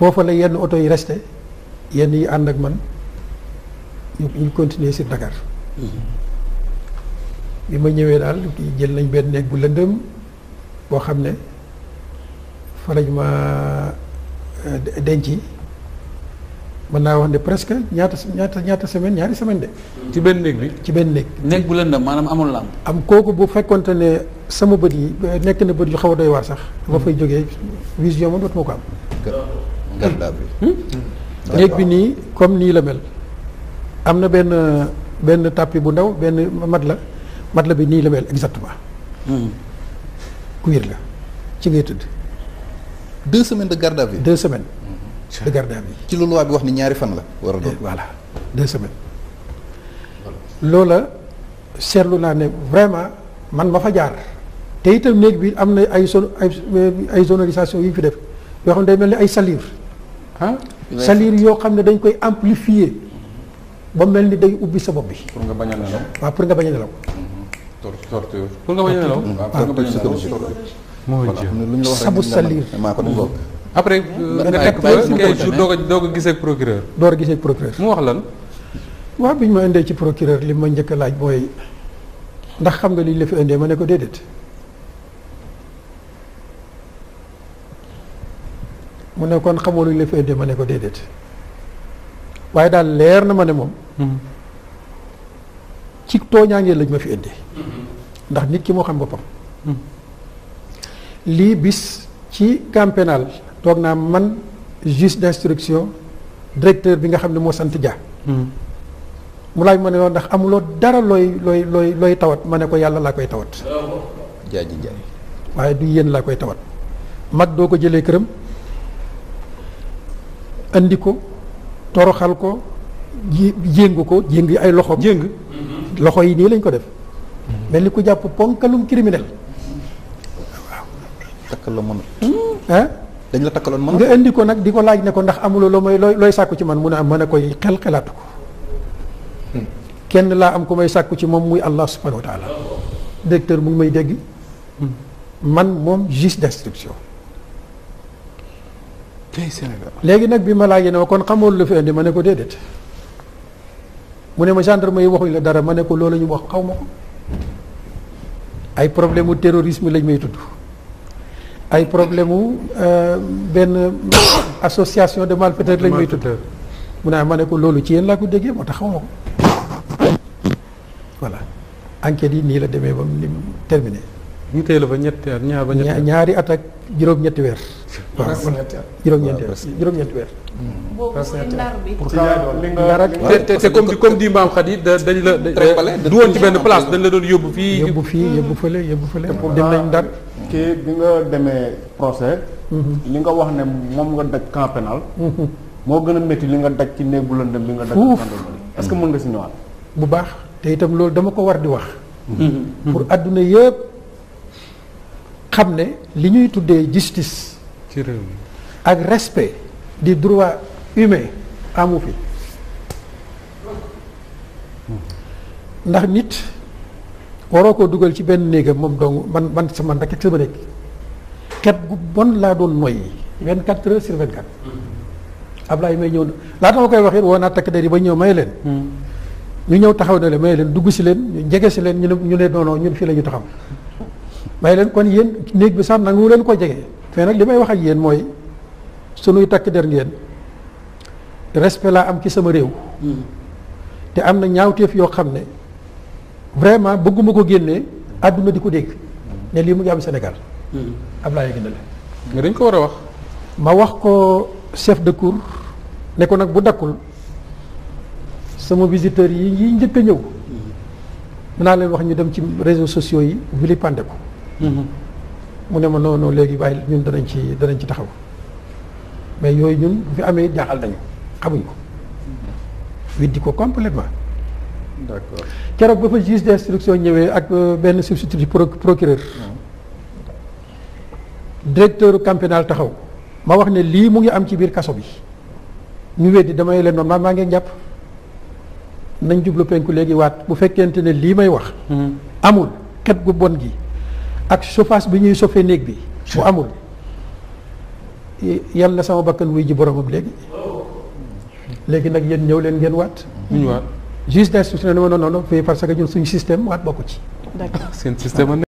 foofa la yenn oto yi reste yenn yi ànd ak man ñu ñu continuer sur Dakar. Mm-hmm. bi ma ñëwee daal jël nañ benn néeg bu lëndëm boo xam ne fa lañ ma euh, denc man naa wax ne presque ñaata ñaata ñaata semaine ñaari semaine de. ci benn néeg bi ci benn néeg. néeg bu lëndëm maanaam amul làmp. am kooku bu fekkonte ne sama bët yi nekk na bët yu xaw a doy waar sax. dama mm-hmm. fay jóge vision moom dootuma ko am. Hmm? néeg bi nii comme nii la mel am na benn benn tapis bu ndaw benn mat la mat la bi nii la mel exactement cuir hmm. la ci ngay tëdd deux semaines de garde à vue deux semaines hmm. de garde à ci loolu waa wax ni ñaari fan la war a doon voilà deux semaines loola seetlu naa ne vraiment man ma fa jaar te itam néeg bi am na ay zone ay sonorisation yu ñu fi def yoo xam ne day mel ni ay salive ah salir yoo xam ne dañ koy amplifier ba mel ni day ubbi sa bopp bi. pour nga bañ a nelaw waaw pour nga bañ a nelaw. torture pour nga bañ a nelaw. Ah, ah, pour nga bañ a nelaw moo jëm sabu salir maa ko def après euh, nga nekk ba doog a doog a gisee procureur. door a gisee procureur. mu wax lan. waaw bi ñu ma indee ci procureur li ma njëkk laaj mooy ndax xam nga li la fi indee ma ne ko déedéet. mu ne kon xamoo lu la fi indee ma ne ko déedéet waaye daal leer na ma ne moom hmm. ci tooñaangee lañ ma fi indee hmm. ndax nit ki moo xam boppam hmm. lii bis ci camp toog naa man juge d'instruction directeur bi nga xam ne moo sant Dia mu laaj ma ne woon ndax amuloo dara looy looy looy looy tawat ma ne ko yàlla laa koy tawat jaaji jaay waaye du yéen laa koy tawat mag doo ko jëlee këram andi ko toroxal ko jéng ko Jeng, ay loxo jéng loxo yi ni lañ ko def melni ku japp ponkalum criminel waaw takkal hmm? hein dañ la takalon mënut nga andi ko nak diko laaj ne ko ndax amul lo may loy sakku ci man mu ne am mën koy xel xelat ko hmm. kenn la am ku may sakku ci mom muy allah subhanahu wa taala directeur mu ngi may deg hmm. man mom juste destruction léegi nag bi ma laajee ne ma kon xamoon lu fi ni ma ne ko déedéet mu ne ma gendarme yi waxuñ la dara ma ne ko loolu ñu wax xaw ma ko ay problème mu terrorisme lañ may tudd ay problème mu euh, benn association de mal malfaiteurs lañ may tudd mu ne ah, ma ne ko loolu ci yéen laa ko déggee moo tax xaw ma ko voilà enquête yi nii la demee ba mu terminé ñu téye la fa ñetti at ñaar ba ñetti ñaari at ak juróom-ñetti weer. juróom-ñetti weer juróom-ñetti weer. te comme di maam xat yi dañ la. du woon ci benn place dañ la doon yóbbu fii. yóbbu fii yóbbu fële yóbbu fële. dem nañ ndar. kii bi nga demee procès. Mhm. li nga wax ne moom nga daj camp pénal. Mhm. moo gën a métti li nga daj ci néegu lëndëm bi nga daj. est-ce que mën nga si ñëwaat. bu baax te itam loolu dama ko war di wax. Mhm. pour adduna yëpp. xam li ñuy tuddee justice. ci réew mi ak respect di droit humain amu fi ndax nit waroo koo dugal ci benn néegam moom dong man man sama ndak rek sama nekk xet gu bon laa doon noy 24 quatre heures sur 24 quatre Ablaye may ñëw laata ma koy wax it woo naa takk der yi ba ñëw may leen hmm. ñu ñëw taxaw na leen may leen dugg si leen ñu jege si leen ñu ne ñu ne non non ñun fii la ñu taxaw may leen kon yéen néeg bi sax nangu leen ko jege mais nag li may wax ak yéen mooy sunuy takk der ngeen respect laa am ci sama réew hmm. te am na ñaaw ñaawteef yoo xam ne vraiment bëgguma ko génne àdduna di ko dégg ne lii mu ngi am Sénégal hmm. Ablaye yegg na la mais dañ ko war a wax ma wax ko chef de cour ne ko nag bu dakkul sama visiteurs yi yi njëkk a ñëw hmm. naa leen wax ñu dem ci réseau sociaux yi vilipande ko mu ne ma noonu léegi waaye ñun danañ ci danañ ci taxaw mais yooyu ñun bu fi amee jaaxal nañu xamuñ ko weddi ko complètement keroog ba fa juge d'instruction ñëwee ak euh, benn substitut procureur directeur camp taxaw ma wax ne lii mu ngi am ci biir kaso bi ñu weddi damay leen noonu maa maa ngi jàpp nañ jublu penku léegi waat bu fekkente ne lii may wax hmm. amul xet gu bon gi ak chauffage bi ñuy chauffé néeg bi bu amul yal na sama bakkan wuy ji boromam léegi léegi nag yéen ñëw leen ngeen waat ñu waat juge d'instruction ne ma non non non parce que ñun suñu système waat bokku ci d'accord seen système